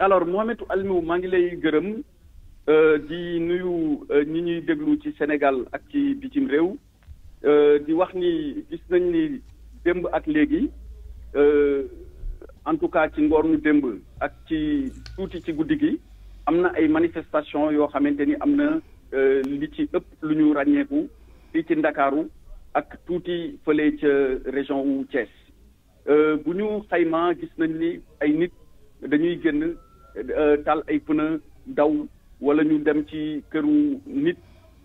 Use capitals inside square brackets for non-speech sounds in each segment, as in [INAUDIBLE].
alors Mohamed Almiou mangi ngi lay gërëm euh, di nuyu euh, ñi ñuy déglu ci Sénégal ak ci bitim réew euh, di wax ni gis nañ ni démb ak léegi en tout cas ci ngoor ñu démb ak ci tuuti ci guddi gi am na ay manifestation yoo xamante ni am na li ci ëpp lu ñu ràññeeku fii ci Ndakaaru ak tuuti fële ca région wu Thiès bu ñu xayma gis nañ ni ay nit dañuy génn Euh, taal ay pneu daw wala ñu dem ci këru nit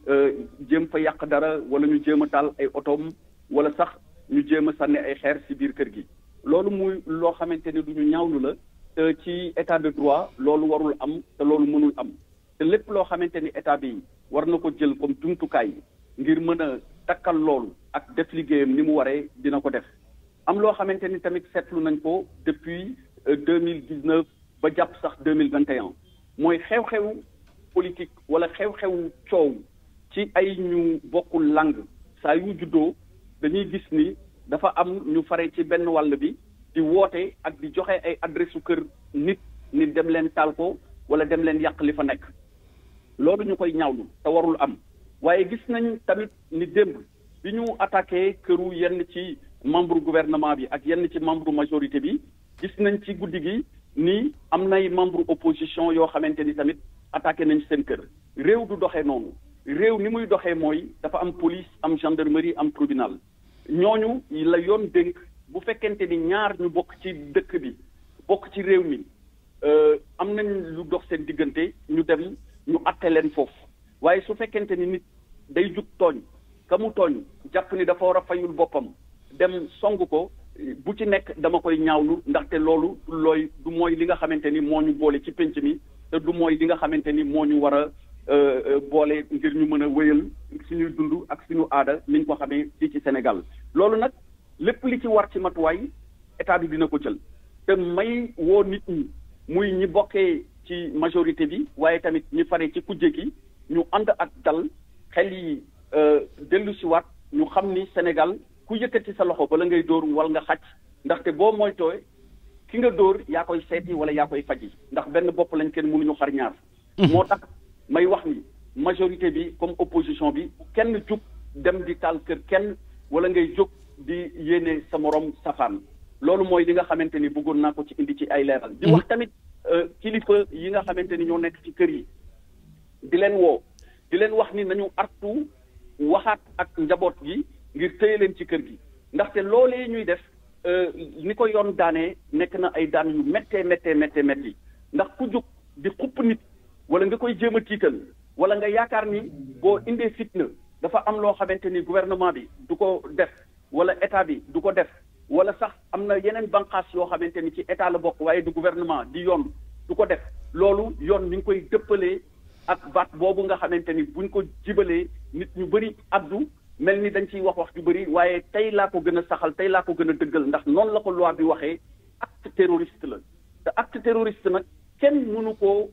euh, jéem fa yàq dara wala ñu jéem a taal ay otoom wala sax ñu jéem a sànni ay xeer ci biir kër gi loolu muy loo xamante ne du ñu ñaawlu la te ci état de droit loolu warul am te loolu mënul am te lépp loo xamante ni état bi war na ko jël kom jumtukaay ngir mën a takkal loolu ak def liggéeyam ni mu waree dina ko def am loo xamante ni tamit seetlu nañ ko depuis euh, deux mille dix-neuf ba jàpp sax deux mille vingt et un mooy xew-xewu politique wala xew xew coow ci ay ñu bokkul langue saa yu juddoo dañuy gis ni dafa am ñu fare ci benn wàll bi di woote ak di joxe ay adresse su kër nit ni dem leen taal ko wala dem leen yàq li fa nekk loolu ñu koy ñaawlu te warul am waaye gis nañ tamit ni démb bi ñu attaqué këru yenn ci membre gouvernement bi ak yenn ci membre majorité bi gis nañ ci guddi gi ni am nay membre opposition yoo xamante ni tamit attaqué nañ seen kër réew du doxee noonu réew ni muy doxee mooy dafa am police am gendarmerie am tribunal ñooñu la yoon dénk bu fekkente ni ñaar ñu bokk ci dëkk bi bokk ci réew mi euh, am nañ lu dox seen diggante ñu dem ñu atte leen foofu waaye su fekkente ni nit day jug tooñ ka mu tooñ jàpp ni dafa war a fayul boppam dem song ko bu ci nekk dama koy ñaawlu ndaxte loolu looy du mooy li nga xamante ni moo ñu boole ci pénc mi te du mooy li nga xamante ni moo ñu war a euh, euh, boole ngir ñu mën a wéyal suñuy dund ak suñu aada liñ ñu ko xamee fii ci senegal loolu nag lépp li ci war ci matuwaay état dina ko jël te may woo nit ñi muy ñi bokkee ci majorité bi waaye tamit ñi faree ci kujje gi ñu ànd ak dal xel yi euh, dellusiwaat ñu xam ni Sénégal. ku yëkkati sa loxo bala ngay door wal nga xaj ndaxte boo moytooy ki nga door yaa koy seeti wala yaa koy faji ndax benn bopp lañ kenn mënuñu xar ñaar. Mhm. moo tax may wax ni majorité bi comme opposition bi kenn jug dem di tal kër kenn wala ngay jóg di yéene sa morom safaan loolu mooy li nga xamante ni bëggoon naa ko ci indi ci ay leeral. di wax mhm. tamit euh, kilifa yi nga xamante ni ñoo nekk ci kër yi di leen woo di leen wax ni nañu artu waxaat ak njaboot gi. ngir téye leen ci kër gi ndaxte loole ñuy def euh, ni ko yoon daanee nekk na ay daan yu méttee méttee méttee métti ndax ku jóg di xupp nit wala nga koy jéem a tiital wala nga yaakaar ni boo indee fitna dafa am loo xamante ni gouvernement bi du ko def wala état bi du ko def wala sax am na yeneen banqaas yoo xamante ni ci état la bokk waaye du gouvernement di yoon du ko def loolu yoon mi ngi koy dëppalee ak baat boobu nga xamante ni buñ ko jibalee nit ñu bëri addu mel ni dañ ciy wax wax ju bëri waaye tey laa ko gën a saxal tey laa ko gën a dëggal ndax noonu la ko loi bi waxee acte terroriste la te acte terroriste nag kenn mënu koo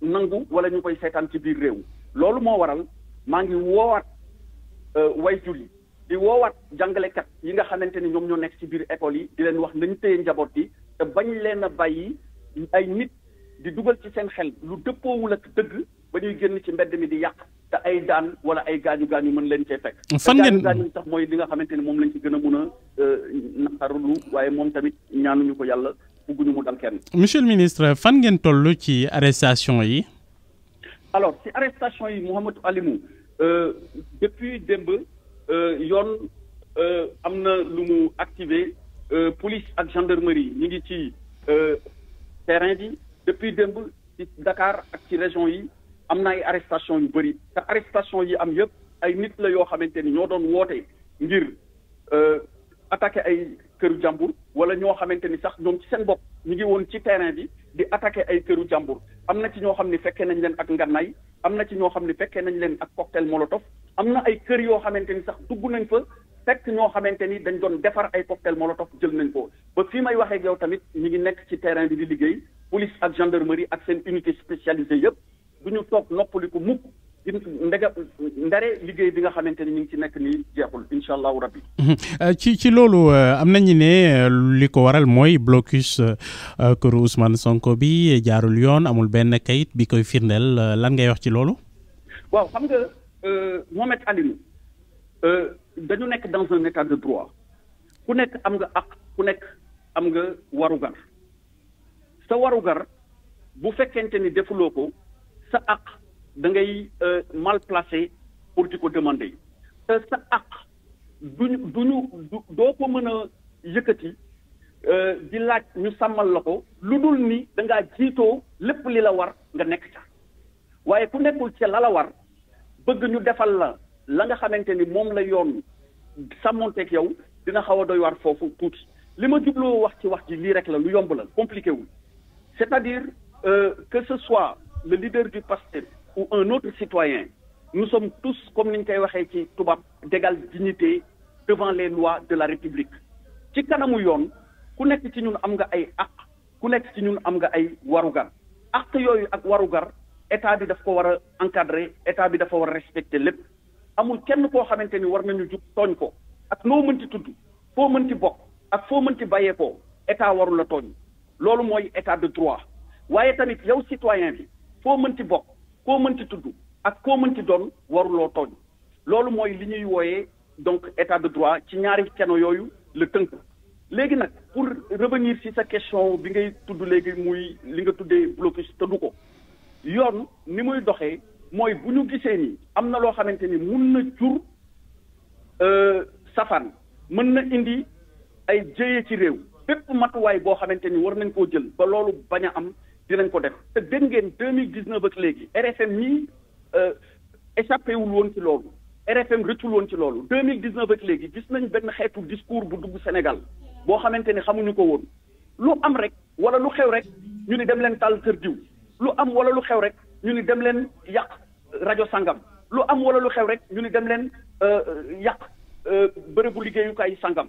nangu wala ñu koy seetaan ci biir réew loolu moo waral maa ngi woowaat euh, way yi di woowaat jàngalekat yi nga xamante ni ñoom ñoo nekk ci biir école yi di leen wax nañu téye njaboot yi te bañ leen a bàyyi ay nit di dugal ci seen xel lu dëppoowul ak dëgg ba ñuy génn ci mbedd mi di yàq te ay daan wala ay gaañu gaañu mën leen cee fekk. fan ngeen te gaañu sax mooy li nga xamante ni moom lañ ci gën a mun a euh, naqarlu waaye moom tamit ñaanuñu ko yàlla bugguñu mu dal kenn. monsieur le ministre fan ngeen toll ci arrestation yi. alors ci arrestation yi Mouhamadou Alimou euh, depuis démb euh, yoon am na lu mu activé police ak gendarmerie ñu ngi ci terrain bi depuis démb ci Dakar ak ci région yi. am na ay arrestation yu bëri te arrestation yi am yëpp ay nit la yoo xamante ni ñoo doon woote ngir euh, attaque ay këru jàmbur wala ñoo xamante ni sax ñoom ci seen bopp ñu ngi woon ci terrain bi di attaqué ay këru jàmbur am na ci ñoo xam ne fekkee nañ leen ak ngànnaay am na ci ñoo xam ne fekkee nañ leen ak cocktail molotov am na ay kër yoo xamante ni sax dugg nañ fa fekk ñoo xamante ni dañ doon defar ay cocktail molotov jël nañ ko ba fii may waxee ak yow tamit ñu ngi nekk ci terrain bi di liggéey police ak gendarmerie ak seen unité spécialisée yëpp du ñu toog noppaliku mukk ndega ndare liggéey bi nga xamante ni ñu ngi ci nekk nii jeexul incha allahu rabbi mhm. euh, ci ci loolu euh, am nañu ne euh, li ko waral mooy blocus këru Ousmane Sonko bi jaarul yoon amul benn kayit bi koy firndeel lan ngay wax ci loolu. waaw xam nga Mohamed Alioune dañu nekk dans un état de droit ku nekk am nga ak ku nekk am nga warugar sa warugar bu fekkente ni defuloo ko. sa àq da ngay euh, mal placé pour di ko demander te sa àq duñu ñu doo ko mën a yëkkati euh, di laaj ñu sàmmal la ko lu dul ni da ngaa jiitoo lépp li la war nga nekk ca waaye ku nekkul ca la la war bëgg ñu defal la la nga xamante ni moom la yoon sàmmonteeg yow dina xaw a doy war foofu tuuti li ma jubloo wax ci wax ji lii rek la lu yomb la compliqué wul c'est-à-dire euh, que ce soit le leader du PASTEF ou un autre citoyen, nous sommes tous, comme nous l'avons dit, d'égale dignité devant les lois de la République. Ci kanamu yoon ku nekk ci ñun am nga ay àq ku ci ñun am nga ay warugar ak warugar état bi daf ko war a encadrer état bi dafa war a respecter lépp amul kenn koo xamante ni war nañu jug tooñ ko ak noo mënti tudd foo mënti bokk ak foo mënti ko état warul la tooñ loolu mooy état de droit waaye tamit yow citoyen bi foo mënti bokk koo mënti tudd ak koo mënti doon waruloo tooñ loolu mooy li ñuy wooyee donc état de droit ci ñaari keno yooyu la tënk léegi nag pour revenir si sa question bi ngay tudd léegi muy li nga tuddee blocus tëddu ko yoon ni muy doxee mooy bu ñu gisee ni am na loo xamante ni mun na jur euh, safaan mën na indi ay jëye ci réew bépp matuwaay boo xamante ni war nañ koo jël ba loolu bañ a am dinañ ko def te dégg ngeen deux mille dix neuf ak léegi RFM ñii euh, échappé wul woon ci loolu RFM rëccul woon ci loolu deux mille dix neuf ak léegi gis nañ benn xeetu discours bu duggu Sénégal boo xamante ni xamuñu ko woon lu am rek wala lu xew rek ñu ni dem leen taal kër diw lu am wala lu xew rek ñu ni dem leen yàq rajo sangam lu am wala lu xew rek ñu ni dem leen euh, yàq euh, bërëbu liggéeyukaay sangam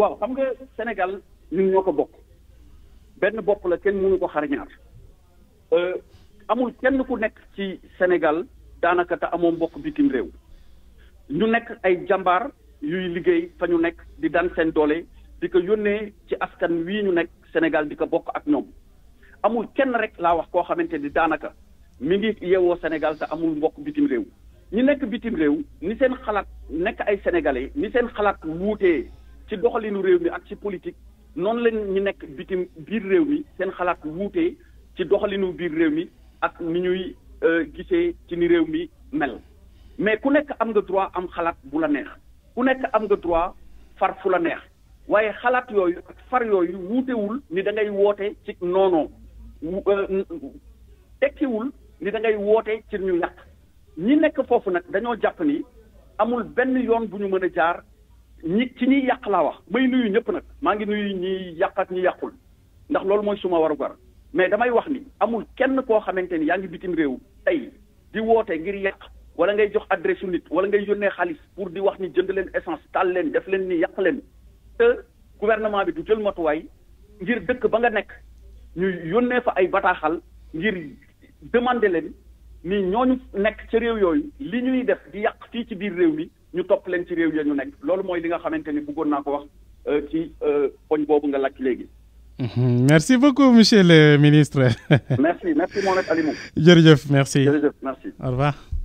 waaw xam nga Sénégal ñun ñoo ko bokk benn bopp la kenn mënu ko xar ñaar euh, amul kenn ku nekk ci Sénégal daanaka te amoo mbokk bitim réew ñu nekk ay jàmbaar yuy liggéey fa ñu nekk di daan seen doole di ko yónnee ci askan wii ñu nekk Sénégal di ko bokk ak ñoom amul kenn rek laa wax koo xamante ni daanaka mi ngi yeewoo Sénégal te amul mbokk bitim réew ñi nekk bitim réew ni seen xalaat nekk ay sénégalais ni seen xalaat wuutee ci doxalinu réew mi ak ci politique noonu lañ ñu nekk bitim biir réew mi seen xalaat wuutee ci doxalinu biir réew mi ak ni ñuy euh, gisee ci ni réew mi mel mais ku nekk am nga droit am xalaat bu la neex ku nekk am nga droit far fu la neex waaye xalaat yooyu ak far yooyu wuutewul ni da ngay woote ci noonoo euh, tekkiwul ni da ngay woote ci ñu yàq ñi nekk foofu nag dañoo jàpp ni amul benn yoon bu ñu mën a jaar ñi ci ñiy yàq laa wax may nuyu ñëpp nag maa ngi nuyu ñiy yàq ñi yàqul ndax loolu mooy suma warugar mais damay wax ni amul kenn koo xamante ni yaa ngi bitim réew tey di woote ngir yàq wala ngay jox adresse nit wala ngay yónnee xaalis pour di wax ni jënd leen essence taal leen def leen ni yàq leen te gouvernement bi du jël matuwaay ngir dëkk ba nga nekk ñu yónnee fa ay bataaxal ngir demander leen ni ñooñu nekk ca réew yooyu li ñuy def di yàq fii ci biir réew mi ñu top leen ci réew ya ñu nekk loolu mooy li nga xamante ni bëggoon naa ko wax euh, ci euh, poñ boobu nga lakk léegi. Mhm. merci beaucoup monsieur le ministre. [LAUGHS] merci merci Mohamed Alimou. jërëjëf merci jërëjëf merci. au revoir.